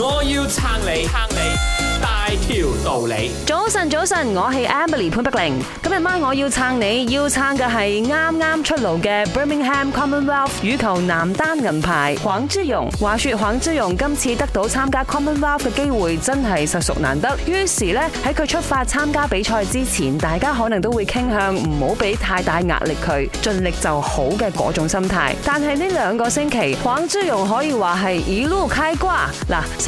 我要撐你撐你大條道理。早晨早晨，我係 Emily 潘碧玲。今日晚我要撐你，要撐嘅係啱啱出爐嘅 Birmingham Commonwealth 羽球男單銀牌黃之勇。話說黃之勇今次得到參加 Commonwealth 嘅機會，真係實屬難得。於是呢，喺佢出發參加比賽之前，大家可能都會傾向唔好俾太大壓力佢，盡力就好嘅嗰種心態。但係呢兩個星期，黃之勇可以話係一路開掛。嗱。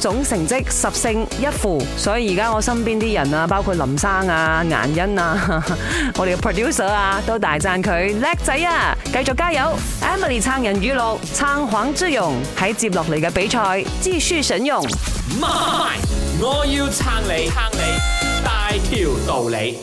總成績十勝一負，所以而家我身邊啲人啊，包括林生啊、顏欣啊， 我哋嘅 producer 啊，都大讚佢叻仔啊，繼續加油！Emily 撐人語錄，撐黃之容喺接落嚟嘅比賽繼續使用，媽咪，我要撐你，撐你，大條道理。